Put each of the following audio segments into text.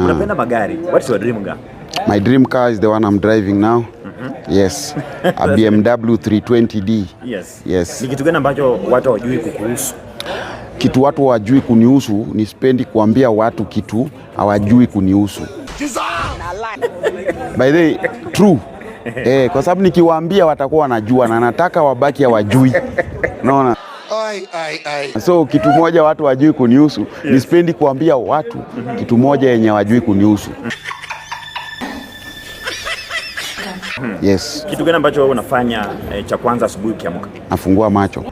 Ah. Unapenda magari. What's your dream car? My dream car is the one I'm driving now. Mm-hmm. Yes. A BMW 320D. Yes. Yes. Ni kitu gani ambacho watu hawajui kukuhusu? Kitu watu hawajui kunihusu, nispendi kuambia watu kitu hawajui kunihusu. By the way, true. Eh, kwa sababu nikiwaambia watakuwa wanajua na nataka wabaki hawajui. Unaona? So kitu moja watu wajui kunihusu yes. Nispendi kuambia watu mm -hmm. Kitu moja yenye wajui kunihusu mhm. Yes. Kitu gani ambacho wewe unafanya eh, cha kwanza asubuhi ukiamka? Nafungua macho.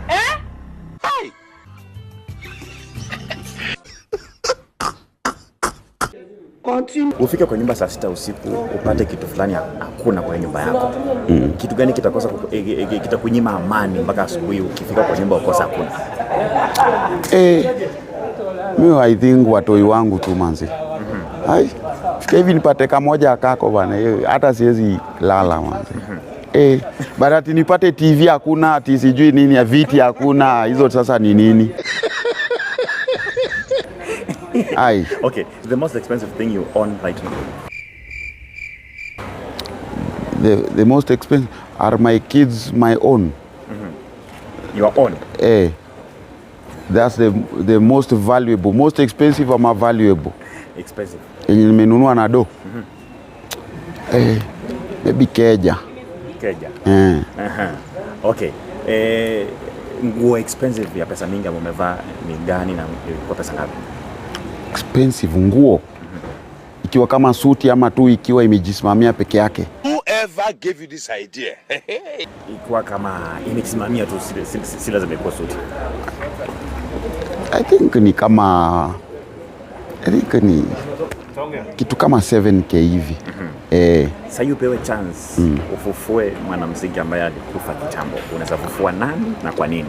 continue. Ufike kwa nyumba saa sita usiku upate kitu fulani hakuna kwa nyumba yako mm. Kitu gani kitakosa eh, eh, eh, kitakunyima amani mpaka asubuhi ukifika kwa nyumba ukosa hakuna? Eh, mimi I think watoi wangu tu manzi mm -hmm. Ai, fika hivi nipate kamoja akako bana, hata siwezi lala manzi mm -hmm. Eh, barati nipate TV hakuna, ati sijui nini, viti hakuna, hizo sasa ni nini? Aye. Okay, the most expensive thing you own right now? The, the most expensive are my kids, my own. Mm -hmm. Your own? Eh. That's the, the most valuable. Most expensive ama valuable? Expensive. In nimenunua na do. -hmm. Eh, maybe keja. Keja. Eh. Uh -huh. Okay. Eh, nguo expensive ya pesa mingi ambayo umevaa ni gani na kwa pesa ngapi? expensive nguo, ikiwa kama suti ama tu ikiwa imejisimamia peke yake. Whoever gave you this idea? ikiwa kama imejisimamia tu, si lazima ikuwa suti. I think ni kama I think ni kitu kama 7k hivi. Mhm. Eh, sasa hiyo pewe chance mm. ufufue mwanamuziki ambaye alikufa kitambo, unaweza kufufua nani na kwa nini?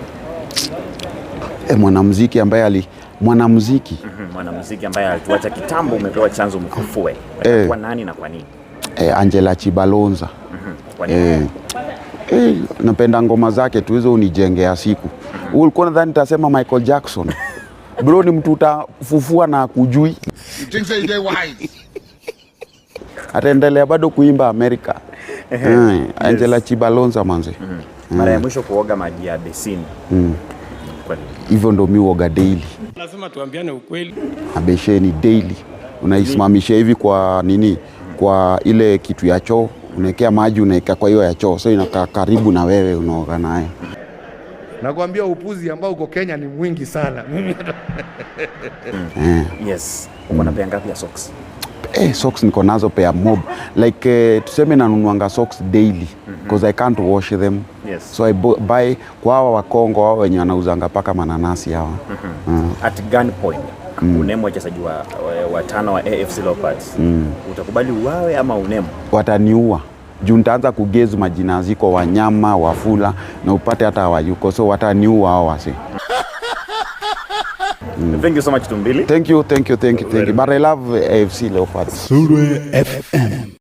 Eh, mwanamuziki ambaye ali mwanamuziki mm -hmm mwanamuziki ambaye alituacha kitambo, umepewa chanzo mkufue eh, kwa nani na kwa nini? Eh, Angela Chibalonza mm -hmm. kwa nini? Eh, eh, napenda ngoma zake tu hizo, unijengea siku mm -hmm. ulikuwa nadhani nitasema Michael Jackson bro, ni mtu utafufua na kujui ataendelea bado kuimba Amerika. Eh, eh, Angela Chibalonza manze. Mhm. Mm. mara ya mwisho kuoga maji ya besini mm. Hivyo ndo miuoga uoga daily, lazima tuambiane ukweli. Abesheni daily, unaisimamisha hivi kwa nini? Kwa ile kitu ya choo unaekea maji, unaeka kwa hiyo ya choo, so inakaa karibu na wewe, unaoga naye. Nakwambia upuzi ambao uko Kenya ni mwingi sana. Eh. Yes. Uko na pea ngapi ya socks? Eh, socks niko nazo pea mob like, uh, tuseme nanunuanga socks daily because I can't wash them Yes. So I buy kwa hawa Wakongo hao wenye wanauzanga paka mananasi hawa. mm -hmm. mm. At gunpoint mm. unemo wachezaji wa watano wa AFC Leopards mm. utakubali uwawe ama unemo? Wataniua juu nitaanza kugezu majina ziko wanyama wafula na upate hata hawayuko, so wataniua hao wasi. Mm. Thank you so much Tumbili. Thank you, thank you, thank you, thank you. But I love AFC Leopards. Sure FM.